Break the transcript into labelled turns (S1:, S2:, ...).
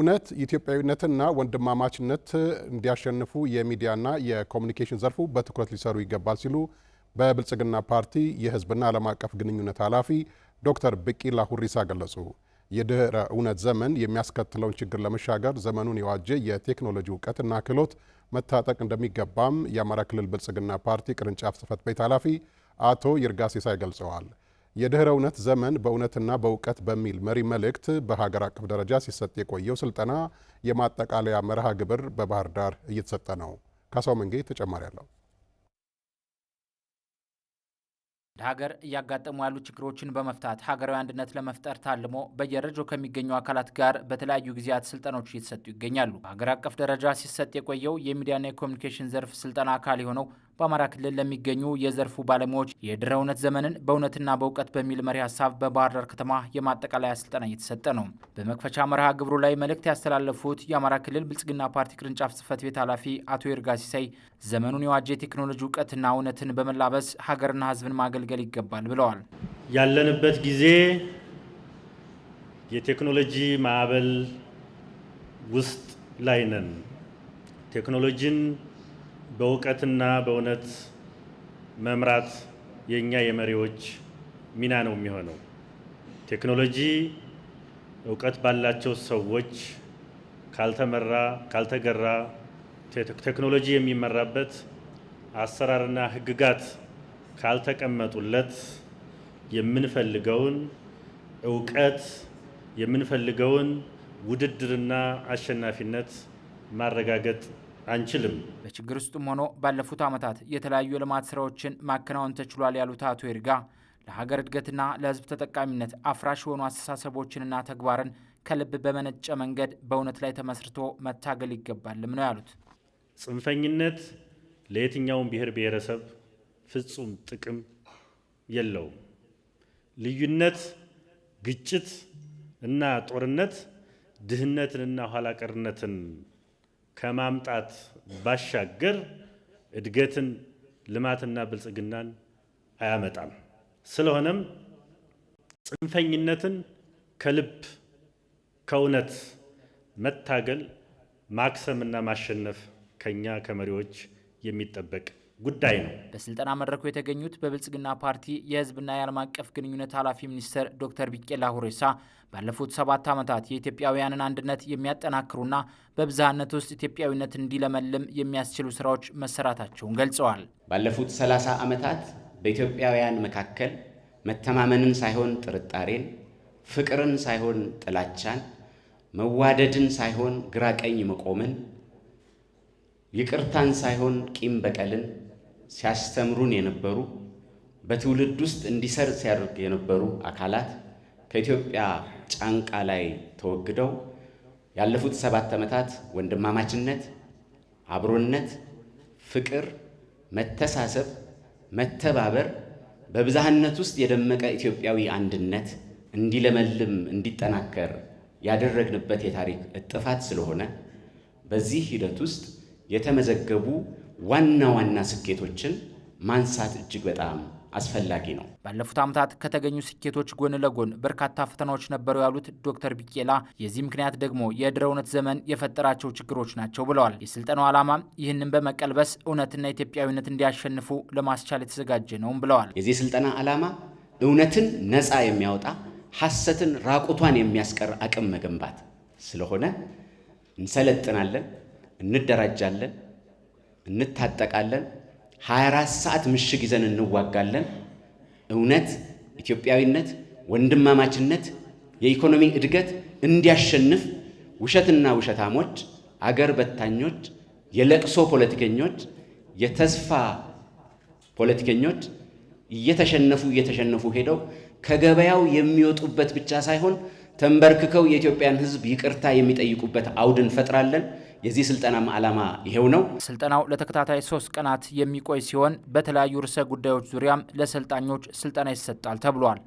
S1: እውነት ኢትዮጵያዊነትና ወንድማማችነት እንዲያሸንፉ የሚዲያና የኮሚኒኬሽን ዘርፉ በትኩረት ሊሰሩ ይገባል ሲሉ በብልጽግና ፓርቲ የህዝብና ዓለም አቀፍ ግንኙነት ኃላፊ ዶክተር ብቂላ ሁሪሳ ገለጹ። የድኅረ እውነት ዘመን የሚያስከትለውን ችግር ለመሻገር ዘመኑን የዋጀ የቴክኖሎጂ እውቀትና ክህሎት መታጠቅ እንደሚገባም የአማራ ክልል ብልጽግና ፓርቲ ቅርንጫፍ ጽሕፈት ቤት ኃላፊ አቶ ይርጋ ሲሳይ ገልጸዋል። የድህረ እውነት ዘመን በእውነትና በእውቀት በሚል መሪ መልእክት በሀገር አቀፍ ደረጃ ሲሰጥ የቆየው ስልጠና የማጠቃለያ መርሃ ግብር በባህር ዳር እየተሰጠ ነው። ካሳው መንጌ ተጨማሪ አለው።
S2: ሀገር እያጋጠሙ ያሉ ችግሮችን በመፍታት ሀገራዊ አንድነት ለመፍጠር ታልሞ በየደረጃው ከሚገኙ አካላት ጋር በተለያዩ ጊዜያት ስልጠናዎች እየተሰጡ ይገኛሉ። በሀገር አቀፍ ደረጃ ሲሰጥ የቆየው የሚዲያና የኮሚኒኬሽን ዘርፍ ስልጠና አካል የሆነው በአማራ ክልል ለሚገኙ የዘርፉ ባለሙያዎች የድህረ እውነት ዘመንን በእውነትና በእውቀት በሚል መሪ ሀሳብ በባህር ዳር ከተማ የማጠቃለያ ስልጠና እየተሰጠ ነው። በመክፈቻ መርሃ ግብሩ ላይ መልእክት ያስተላለፉት የአማራ ክልል ብልጽግና ፓርቲ ቅርንጫፍ ጽህፈት ቤት ኃላፊ አቶ ይርጋ ሲሳይ ዘመኑን የዋጀ የቴክኖሎጂ እውቀትና እውነትን በመላበስ ሀገርና ህዝብን ማገልገል ይገባል ብለዋል።
S3: ያለንበት ጊዜ የቴክኖሎጂ ማዕበል ውስጥ ላይ ነን። ቴክኖሎጂን በእውቀትና በእውነት መምራት የእኛ የመሪዎች ሚና ነው የሚሆነው። ቴክኖሎጂ እውቀት ባላቸው ሰዎች ካልተመራ ካልተገራ ቴክኖሎጂ የሚመራበት አሰራርና ሕግጋት ካልተቀመጡለት የምንፈልገውን እውቀት የምንፈልገውን ውድድርና አሸናፊነት ማረጋገጥ አንችልም።
S2: በችግር ውስጥም ሆኖ ባለፉት ዓመታት የተለያዩ የልማት ስራዎችን ማከናወን ተችሏል ያሉት አቶ ይርጋ ለሀገር እድገትና ለህዝብ ተጠቃሚነት አፍራሽ የሆኑ አስተሳሰቦችንና ተግባርን ከልብ በመነጨ መንገድ በእውነት ላይ ተመስርቶ መታገል ይገባልም ነው ያሉት።
S3: ጽንፈኝነት ለየትኛውም ብሔር ብሔረሰብ ፍጹም ጥቅም የለውም። ልዩነት፣ ግጭት እና ጦርነት ድህነትንና ኋላቀርነትን ከማምጣት ባሻገር እድገትን ልማትና ብልጽግናን አያመጣም። ስለሆነም ጽንፈኝነትን ከልብ ከእውነት መታገል ማክሰምና ማሸነፍ ከኛ ከመሪዎች የሚጠበቅ ጉዳይ ነው።
S2: በስልጠና መድረኩ የተገኙት በብልጽግና ፓርቲ የህዝብና የዓለም አቀፍ ግንኙነት ኃላፊ ሚኒስትር ዶክተር ቢቄላ ሁሬሳ ባለፉት ሰባት ዓመታት የኢትዮጵያውያንን አንድነት የሚያጠናክሩና በብዝሃነት ውስጥ ኢትዮጵያዊነት እንዲለመልም የሚያስችሉ ስራዎች መሰራታቸውን ገልጸዋል።
S4: ባለፉት 30 ዓመታት በኢትዮጵያውያን መካከል መተማመንን ሳይሆን ጥርጣሬን፣ ፍቅርን ሳይሆን ጥላቻን፣ መዋደድን ሳይሆን ግራ ቀኝ መቆምን፣ ይቅርታን ሳይሆን ቂም በቀልን ሲያስተምሩን የነበሩ በትውልድ ውስጥ እንዲሰርጽ ሲያደርግ የነበሩ አካላት ከኢትዮጵያ ጫንቃ ላይ ተወግደው ያለፉት ሰባት ዓመታት ወንድማማችነት፣ አብሮነት፣ ፍቅር፣ መተሳሰብ፣ መተባበር በብዝሃነት ውስጥ የደመቀ ኢትዮጵያዊ አንድነት እንዲለመልም እንዲጠናከር ያደረግንበት የታሪክ እጥፋት ስለሆነ በዚህ ሂደት ውስጥ የተመዘገቡ ዋና ዋና ስኬቶችን ማንሳት እጅግ በጣም አስፈላጊ ነው።
S2: ባለፉት ዓመታት ከተገኙ ስኬቶች ጎን ለጎን በርካታ ፈተናዎች ነበሩ ያሉት ዶክተር ቢቄላ የዚህ ምክንያት ደግሞ የድህረ እውነት ዘመን የፈጠራቸው ችግሮች ናቸው ብለዋል። የስልጠናው ዓላማ ይህንን በመቀልበስ እውነትና ኢትዮጵያዊነት እንዲያሸንፉ ለማስቻል የተዘጋጀ ነውም ብለዋል።
S4: የዚህ ስልጠና ዓላማ እውነትን ነፃ የሚያወጣ ሐሰትን ራቁቷን የሚያስቀር አቅም መገንባት ስለሆነ እንሰለጥናለን፣ እንደራጃለን እንታጠቃለን። 24 ሰዓት ምሽግ ይዘን እንዋጋለን። እውነት፣ ኢትዮጵያዊነት፣ ወንድማማችነት፣ የኢኮኖሚ እድገት እንዲያሸንፍ ውሸትና ውሸታሞች፣ አገር በታኞች፣ የለቅሶ ፖለቲከኞች፣ የተስፋ ፖለቲከኞች እየተሸነፉ እየተሸነፉ ሄደው ከገበያው የሚወጡበት ብቻ ሳይሆን ተንበርክከው የኢትዮጵያን ሕዝብ ይቅርታ የሚጠይቁበት አውድ እንፈጥራለን። የዚህ ስልጠና ዓላማ ይሄው ነው።
S2: ስልጠናው ለተከታታይ ሶስት ቀናት የሚቆይ ሲሆን በተለያዩ ርዕሰ ጉዳዮች ዙሪያም ለሰልጣኞች ስልጠና ይሰጣል ተብሏል።